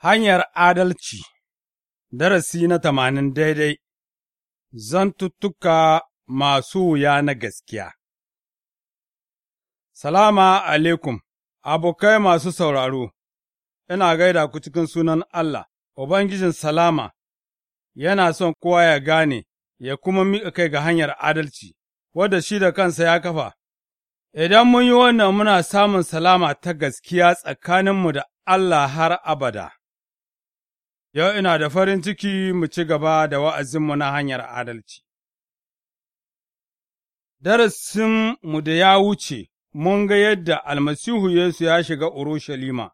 Hanyar adalci Darasi na tamanin daidai zan Zantuttuka masu wuya na gaskiya Salama alaikum, abokai masu sauraro, ina gaida ku cikin sunan Allah, Ubangijin Salama, yana son kowa ya gane ya kuma miƙa kai ga hanyar adalci, wadda shi da kansa ya kafa. Idan mun yi wannan muna samun salama ta gaskiya tsakaninmu da Allah har abada. Yau ina da farin ciki mu ci gaba da wa'azinmu na hanyar adalci. Darasin mu da ya wuce, mun ga yadda almasihu Yesu ya shiga Urushalima,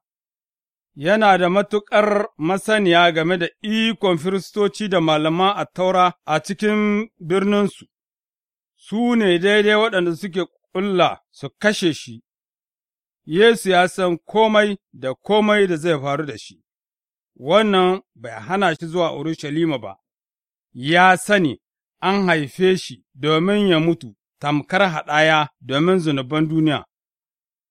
yana da matuƙar masaniya game da ikon firistoci da malaman taura a cikin birninsu, su ne daidai waɗanda suke ƙulla su kashe shi, Yesu ya san komai da komai da zai faru da shi. wannan bai hana shi zuwa Urushalima ba, ya sani an haife shi domin ya mutu tamkar haɗaya domin zunuban duniya,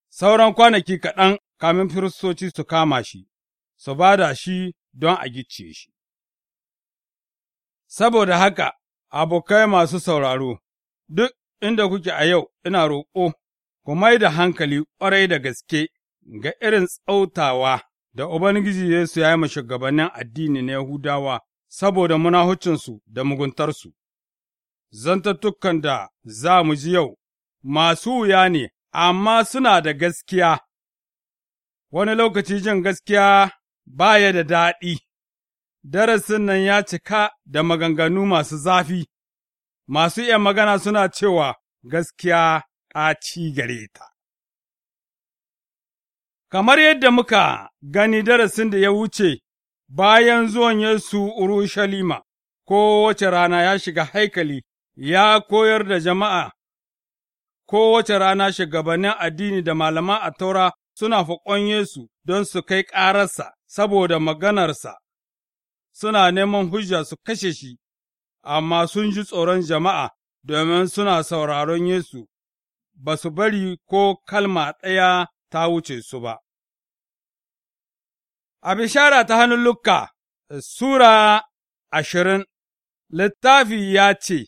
sauran kwanaki kaɗan kamin firistoci su kama shi, su ba da shi don a gicce shi. Saboda haka, abokai masu sauraro, duk inda kuke a yau ina roƙo, ku mai da hankali ƙwarai da gaske ga irin tsautawa da Ubangiji Yesu ya yi ma shugabannin addini na Yahudawa saboda munahucinsu da muguntarsu. Zantattukan da za mu ji yau masu wuya ne, amma suna da gaskiya, wani lokaci jin gaskiya ba ya da daɗi, darasin nan ya cika da maganganu masu zafi, masu iya magana suna cewa gaskiya ci gare ta. Kamar yadda muka gani darasin da ya wuce bayan zuwan Yesu Urushalima, kowace rana ya shiga haikali ya koyar da jama'a, kowace rana shugabannin addini da malaman a taura suna faƙon Yesu don su kai ƙararsa saboda maganarsa, suna neman hujja su kashe shi, amma sun ji tsoron jama'a domin suna sauraron Yesu, ba su bari ko kalma ɗaya ta wuce su ba. A bishara ta hannun Lukka, Sura ashirin, littafi ya ce,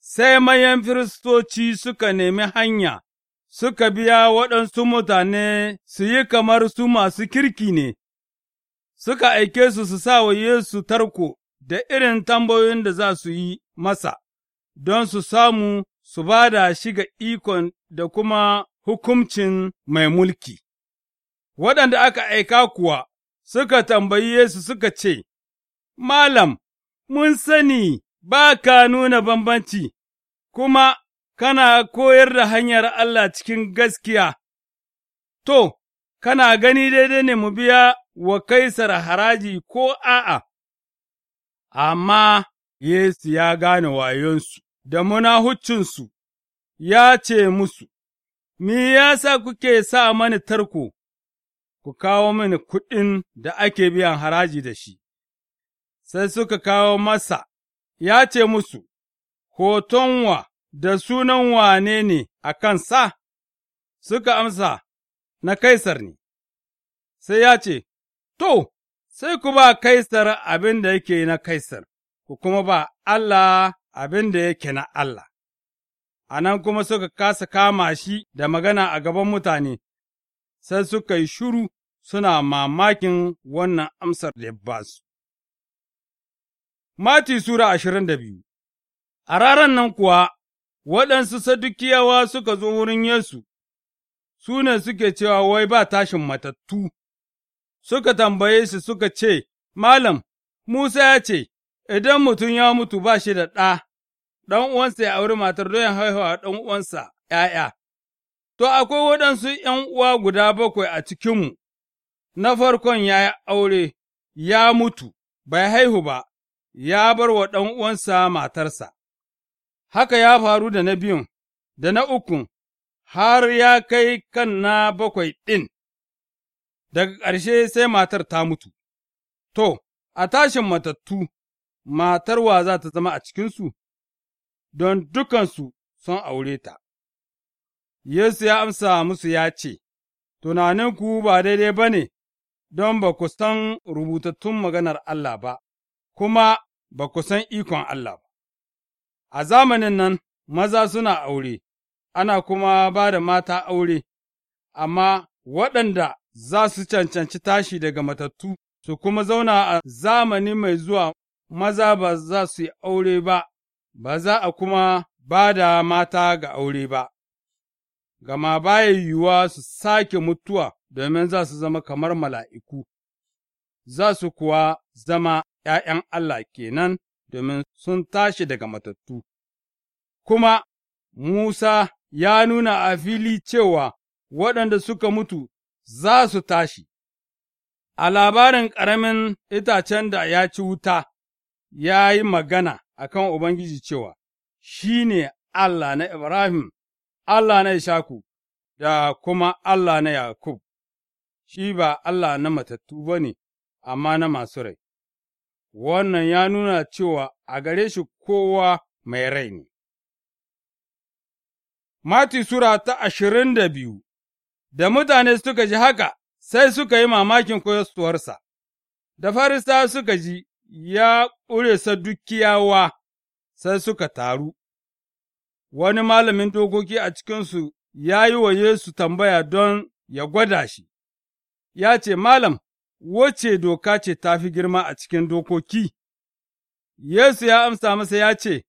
Sai manyan firistoci suka nemi hanya, suka biya waɗansu mutane su yi kamar su masu kirki ne, suka aike su su sa wa Yesu tarko da irin tambayoyin da za su yi masa, don su samu su ba da shi ikon da kuma hukumcin mai mulki. Waɗanda aka aika kuwa suka tambayi Yesu suka ce, Malam, mun sani ba ka nuna bambanci, kuma kana koyar da hanyar Allah cikin gaskiya, to, kana gani daidai ne mu biya wa Kaisar haraji ko a'a, amma Yesu ya gane wayonsu da munahucinsu, ya ce musu, Me ya sa kuke sa mani tarko, ku kawo mini kuɗin da ake biyan haraji da shi, sai suka kawo masa, ya ce musu, Hoton wa da sunan wane ne a sa? Suka amsa, Na Kaisar ne, sai ya ce, To, sai ku ba Kaisar abin da yake na Kaisar, ku kuma ba Allah abin da yake na Allah. A nan kuma suka kasa kama shi da magana a gaban mutane, sai suka yi shuru, suna mamakin wannan amsar da ba su. Mati Sura ashirin da biyu A raran nan kuwa, waɗansu sadukiyawa suka zo wurin Yesu, su ne suke cewa wai ba tashin matattu, suka tambaye shi suka ce, Malam, Musa ya ce, Idan mutum ya mutu ba shi da ɗa, ɗan uwansa ya auri matar don haihuwa ɗan uwansa ’ya'ya. To, akwai waɗansu ’yan uwa guda bakwai a cikinmu, na farkon ya yi aure, ya mutu, bai haihu ba, ya bar wa ɗan'uwansa matarsa, haka ya faru da na biyun, da na ukun, har ya kai kan na bakwai ɗin, daga ƙarshe sai matar ta mutu. To, a tashin matattu, matar wa za ta zama a cikinsu, don dukansu sun aure ta. Yesu ya amsa musu ya ce, Tunaninku ba daidai ba ne, don ba ku san rubutattun maganar Allah ba, kuma ba ku san ikon Allah ba. A zamanin nan, maza suna aure, ana kuma ba da mata aure, amma waɗanda za su cancanci tashi daga matattu su kuma zauna a zamani mai zuwa maza ba za su yi aure ba, ba za a kuma ba da mata ga aure ba, gama baya yiwuwa su sake mutuwa domin za su zama kamar mala'iku, za su kuwa zama ’ya'yan Allah kenan domin sun tashi daga matattu. Kuma Musa ya nuna a fili cewa waɗanda suka mutu za su tashi. A labarin ƙaramin itacen da ya ci wuta, ya yi magana a kan Ubangiji cewa, Shi ne Allah na Ibrahim, Allah na Ishaku, da kuma Allah na Yakub. shi ba Allah na matattu ba ne, amma na masu rai, wannan ya nuna cewa a gare shi kowa mai rai ne. Mati Sura ta ashirin da biyu Da mutane suka ji haka, sai suka yi mamakin koyostuwarsa, da farista suka ji ya ƙure dukiyawa sai suka taru, wani malamin dokoki a cikinsu ya yi wa Yesu tambaya don ya gwada shi, ya ce, Malam, wace doka ce ta fi girma a cikin dokoki? Yesu ya amsa masa ya ce,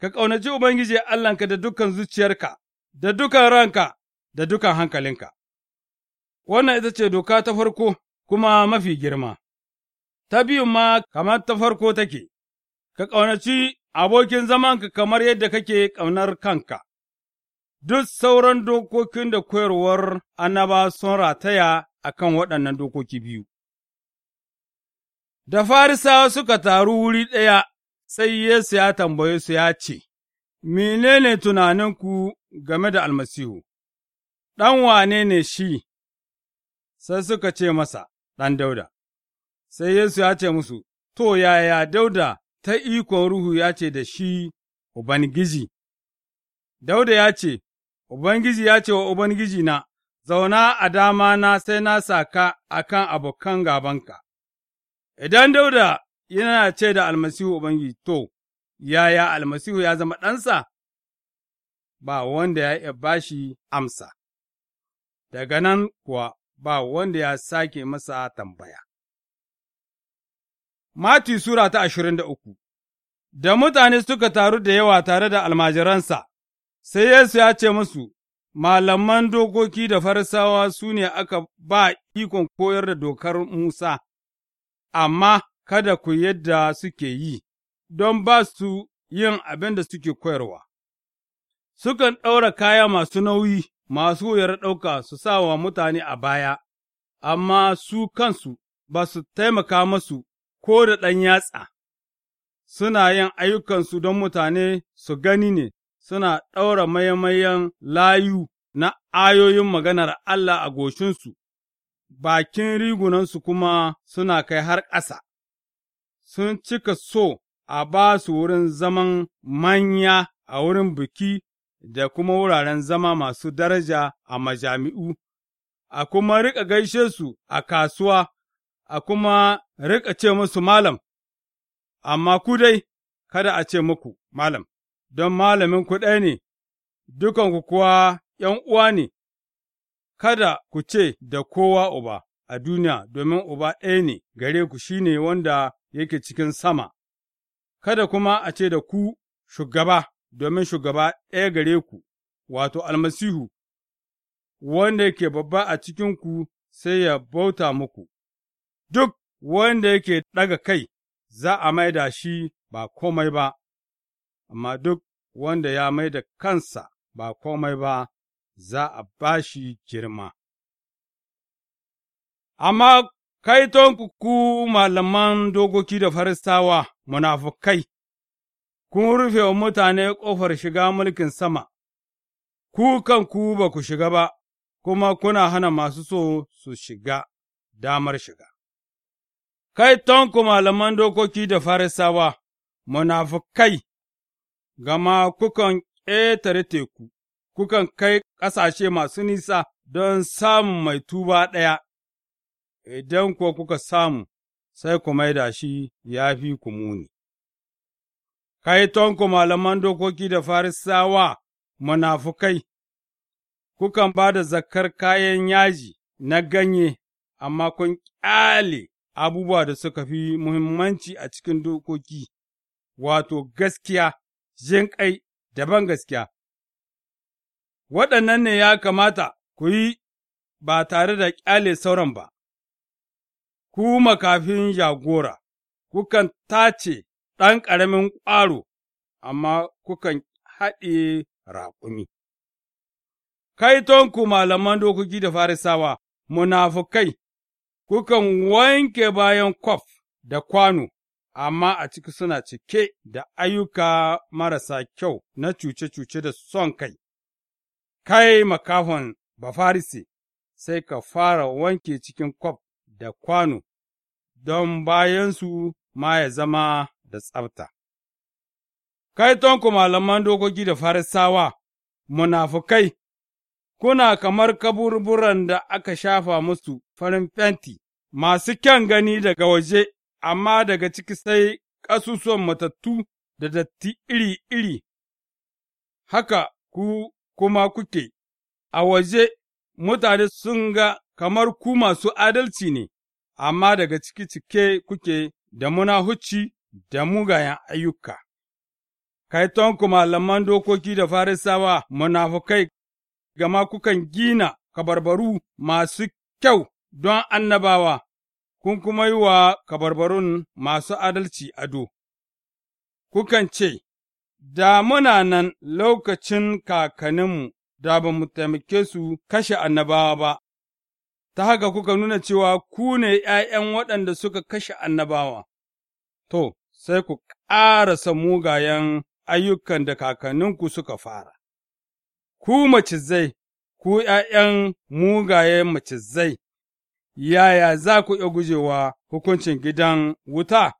Ka ƙaunaci Ubangiji Allahnka da dukan zuciyarka, da dukan ranka, da dukan hankalinka. Wannan ita ce doka ta farko kuma mafi girma, ta biyun ma kamar ta farko take, ka ƙaunaci abokin zamanka kamar yadda kake ƙaunar kanka. Duk sauran dokokin da koyarwar annaba sun rataya a kan waɗannan dokoki biyu. Da Farisawa suka taru wuri ɗaya, sai Yesu ya tambaye su ya ce, Menene tunaninku game da almasihu, ɗan wane ne shi, sai suka ce masa, ɗan dauda, sai Yesu ya ce musu, To, yaya dauda ta ikon ruhu ya ce da shi Ubangiji, dauda ya ce, Ubangiji ya ce wa Ubangiji na, zauna a dama na sai na saka a kan abokan gabanka. Idan Dauda yana ce da almasihu Ubangiji, to, yaya almasihu ya zama ɗansa? Ba wanda ya iya bashi amsa, daga nan kuwa ba wanda ya sake masa tambaya. Mati Sura ta ashirin da uku Da mutane suka taru da yawa tare da almajiransa, sai Yesu ya ce musu, malaman dokoki da farisawa su ne aka ba ikon koyar da dokar Musa, amma kada ku yadda suke yi, don ba su yin abin da suke koyarwa. Sukan ɗaura kaya masu nauyi, masu wuyar ɗauka su sa wa mutane a baya, amma su kansu ba su taimaka masu ko da ɗan yatsa, suna yin ayyukansu don mutane su gani ne suna ɗaura mayamayan layu na ayoyin maganar Allah a goshinsu, bakin rigunansu kuma suna kai har ƙasa, sun cika so a ba su wurin zaman manya a wurin biki da kuma wuraren zama masu daraja a majami'u, a kuma riƙa gaishe su a kasuwa, a kuma riƙa ce musu malam, amma ku dai kada a ce muku malam, don malamin ku ɗaya ne, dukanku kuwa ’yan uwa ne, kada ku ce da kowa uba a duniya domin uba ɗaya ne gare ku shi ne wanda yake cikin sama, kada kuma a ce da ku shugaba domin shugaba ɗaya gare ku, wato almasihu, wanda yake babba a cikinku sai ya bauta muku, duk wanda yake ɗaga kai za a maida shi ba komai ba. amma duk wanda ya mai da kansa ba komai ba, za a ba shi girma. Amma kaitonku ku malaman dokoki da faristawa, munafukai, kun rufe wa mutane ƙofar shiga mulkin sama, ku kanku ba ku shiga ba, kuma kuna hana masu so su shiga damar shiga. Kaitonku malaman dokoki da farisawa, munafukai, gama kukan ƙetare teku, kukan kai ƙasashe masu nisa don samun mai tuba ɗaya, idan kuwa kuka samu, sai ku maida shi ya fi ku muni. Kaitonku malaman dokoki da farisawa munafukai, kukan ba da zakar kayan yaji na ganye, amma kun ƙyale abubuwa da suka fi muhimmanci a cikin dokoki, wato gaskiya jinƙai da ban gaskiya. Waɗannan ne ya kamata ku yi ba tare da ƙyale sauran ba, ku makafin jagora, kukan tace ɗan ƙaramin ƙwaro, amma kukan haɗe raƙumi. Kaitonku malaman dokoki da farisawa, munafukai, kukan wanke bayan kwaf da kwano, amma a ciki suna cike da ayyuka marasa kyau na cuce-cuce da son kai. Kai makahon bafarisi, sai ka fara wanke cikin kwaf da kwano, don bayansu ma ya zama da tsabta. ku malaman dokoki da farisawa, munafukai, kuna kamar kaburburan da aka shafa musu farin fenti, masu kyan gani daga waje, amma daga ciki sai ƙasusuwan matattu da datti iri-iri, haka ku kuma kuke, a waje mutane sun ga kamar ku masu adalci ne, amma daga ciki cike kuke da munahuci da mugayen ayyuka. kuma malaman dokoki da farisawa munafukai, gama kukan gina kabarbaru masu kyau don annabawa, kun kuma yi wa kabarbarun masu adalci ado, kukan ce, Da muna nan lokacin kakaninmu da ba mu taimake su kashe annabawa ba, ta haka kuka nuna cewa ku ne ’ya'yan waɗanda suka kashe annabawa, to, sai ku ƙarasa mugayen ayyukan da kakanninku suka fara. Ku macizai, ku ’ya'yan mugayen macizai. yaya za ku iya gujewa hukuncin gidan wuta?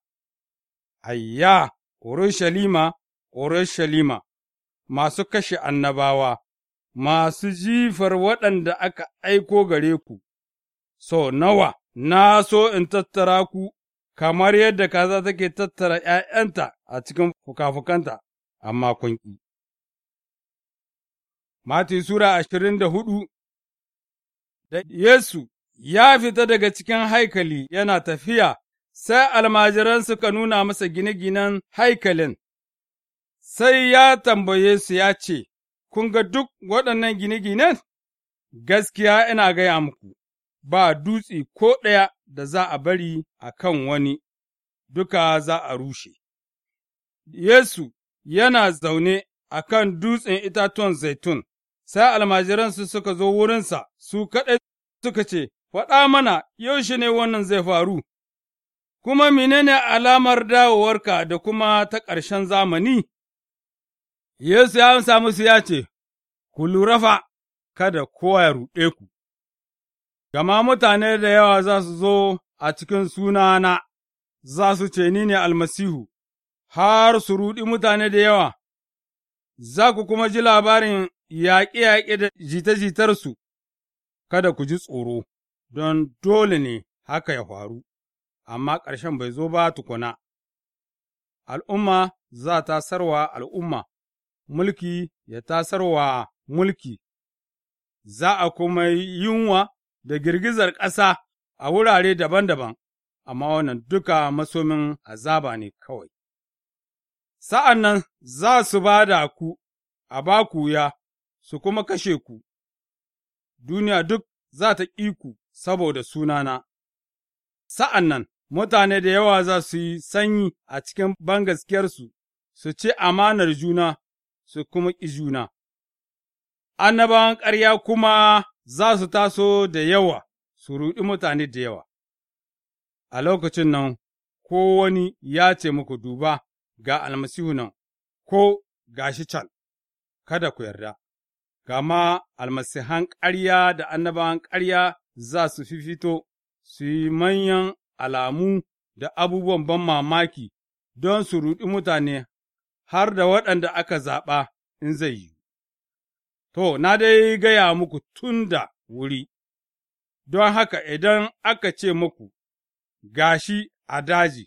Ayya, Urushalima, Urushalima, masu kashe annabawa, masu jifar waɗanda aka aiko gare ku, so nawa na so in tattara ku kamar yadda kaza take tattara ’ya'yanta a cikin fukafukanta fukanta amma kun ƙi. Mati Sura ashirin da hudu Da Yesu ya fita daga cikin haikali yana tafiya, sai almajiran suka nuna masa gine-ginen haikalin, sai ya tambaye su ya ce, Kun ga duk waɗannan gine-ginen? Gaskiya ina gaya muku, ba dutse ko ɗaya da za a bari a kan wani, duka za a rushe. Yesu yana zaune a kan dutsen itatuwan zaitun, sai almajiransu suka zo wurinsa su kaɗai suka ce, faɗa mana yaushe ne wannan zai faru, kuma menene alamar dawowarka da kuma ta ƙarshen zamani? Yesu ya amsa musu ya ce, Ku lura fa, kada kowa ya ruɗe ku, gama mutane da yawa za su zo a cikin sunana, za su ce ni ne almasihu, har su ruɗi mutane da yawa, za ku kuma ji labarin yaƙe-yaƙe da jita-jitarsu, kada ku ji tsoro. don dole ne haka ya faru, amma ƙarshen bai zo ba tukuna. Al'umma za ta sarwa al'umma, mulki ya tasarwa mulki, za a kuma yunwa da girgizar ƙasa a wurare daban-daban, amma wannan duka masomin azaba ne kawai. Sa'an nan za su ba da ku a ba ya, su kuma kashe ku, duniya duk za ta ƙi ku, saboda sunana. Sa'an nan, mutane da yawa za su yi sanyi a cikin bangaskiyarsu, su ci amanar juna, su kuma ƙi juna. Annabawan ƙarya kuma za su taso da yawa, su ruɗi mutane da yawa. A lokacin nan, ko wani ya ce muku duba ga almasihu nan, ko shi can, kada ku yarda, gama almasihan ƙarya da annabawan ƙarya za su fito su yi manyan alamu da abubuwan ban mamaki don su ruɗi mutane har da waɗanda aka zaɓa in zai yi. To, na dai gaya muku tun da wuri, don haka idan aka ce muku, gashi a daji,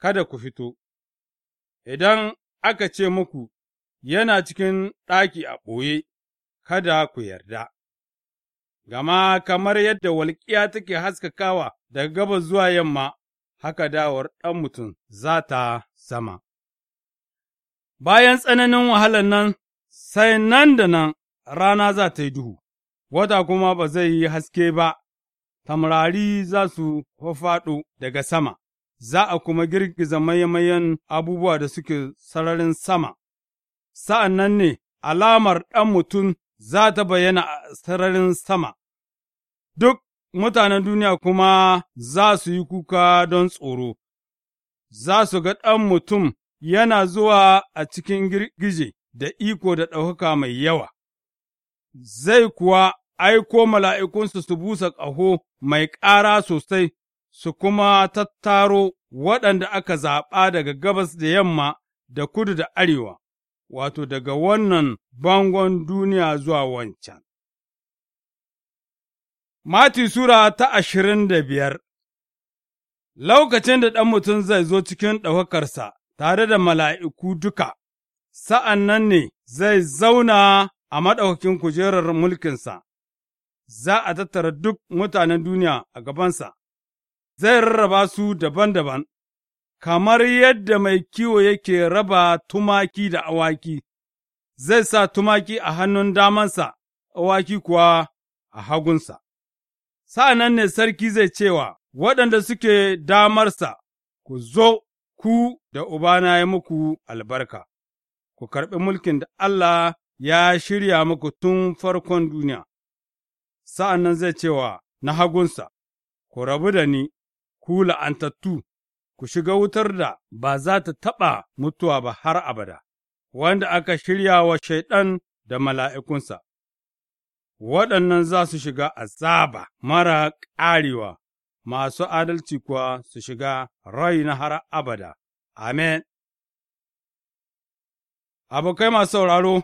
kada ku fito, idan aka ce muku yana cikin ɗaki a ɓoye, kada ku yarda. gama kamar yadda walƙiya take haskakawa daga gabas zuwa yamma, haka dawar ɗan mutum za ta sama. Bayan tsananin wahalan nan, sai nan da nan rana za ta yi duhu, wata kuma ba zai yi haske ba, tamrari za su fafaɗo daga sama, za a kuma girgiza mayan abubuwa da suke sararin sama. Sa'an nan ne alamar ɗan mutum za ta bayyana a sararin sama, duk mutanen duniya kuma za su yi kuka don tsoro, za su ga ɗan mutum yana zuwa a cikin girgije da iko da ɗaukaka mai yawa, zai kuwa aiko mala'ikunsu su busa ƙaho mai ƙara sosai, su kuma tattaro waɗanda aka zaɓa daga gabas da yamma da kudu da arewa. wato daga wannan bangon duniya zuwa wancan. Mati Sura ta ashirin da biyar Lokacin da ɗan mutum zai zo cikin ɗaukakarsa tare da mala'iku duka, sa'an nan ne zai zauna a maɗaukakin kujerar mulkinsa, za a tattara duk mutanen duniya a gabansa, zai rarraba su daban-daban, kamar yadda mai kiwo yake raba tumaki da awaki, zai sa tumaki a hannun damansa, awaki kuwa a hagunsa. Sa'an ne sarki zai cewa waɗanda suke damarsa, ku zo ku da Ubana ya muku albarka, ku karɓi mulkin da Allah ya shirya muku tun farkon duniya. Sa'an nan zai cewa na hagunsa, ku rabu da ni, ku la'antattu. ku shiga wutar da ba za ta taɓa mutuwa ba har abada, wanda aka shirya wa Shaiɗan da mala'ikunsa. Waɗannan za su shiga azaba mara ƙarewa, masu adalci kuwa su shiga rai na har abada. Amen. Abokai masu sauraro,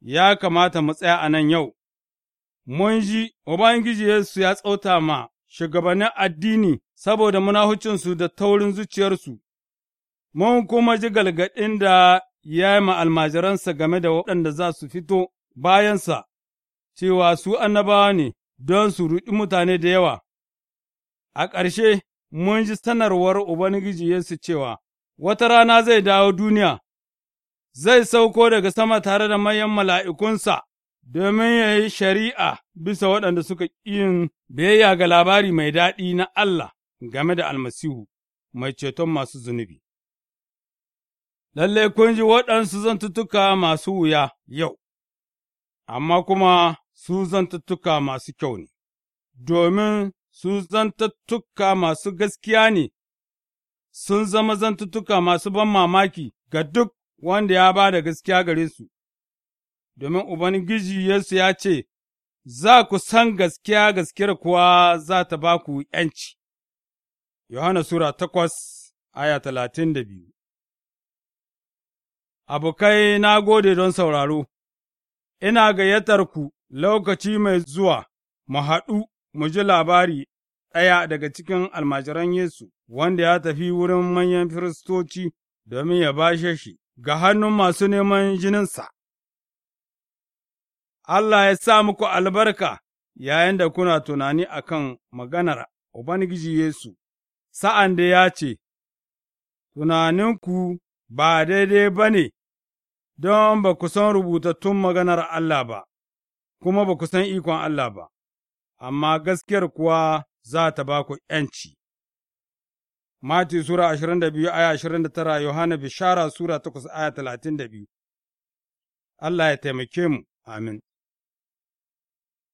ya kamata mu tsaya a nan yau, mun ji Ubangiji Yesu ya tsauta ma shugabannin addini saboda munahucinsu da taurin zuciyarsu, mun kuma ji galgaɗin da ya yi almajiransa game da waɗanda za su fito bayansa, cewa su annabawa ne don su ruɗi mutane da yawa. A ƙarshe, mun ji sanarwar Ubangiji Yesu cewa, Wata rana zai dawo duniya, zai sauko daga sama tare da manyan mala'ikunsa domin ya yi shari'a bisa waɗanda suka yin biyayya ga labari mai daɗi na Allah. game da almasihu mai ceton masu zunubi. lallai kun ji waɗansu zantuttuka masu wuya yau, amma kuma su zantuttuka masu kyau ne, domin su zantuttuka masu gaskiya ne, sun zama zantuttuka masu ban mamaki ga duk wanda ya ba da gaskiya gare su, domin Ubangiji Yesu ya ce, Za ku san gaskiya gaskiyar kuwa za ta ba ku ’yanci. Yohana Sura takwas aya talatin da biyu Abokai na gode don sauraro, ina gayyatar ku lokaci mai zuwa mu haɗu mu ji labari ɗaya daga cikin almajiran Yesu wanda ya tafi wurin manyan firistoci domin ya bashe shi ga hannun masu neman jininsa. Allah ya sa muku albarka yayin da kuna tunani akan maganar Ubangiji Yesu. sa'an da ya ce, Tunaninku ba daidai ba ne, don ba ku san rubutattun maganar Allah ba, kuma ba ku san ikon Allah ba, amma gaskiyar kuwa za ta ba ku ’yanci. Mati Sura ashirin aya ashirin Yohana Bishara Sura takwas aya talatin Allah ya taimake mu, amin.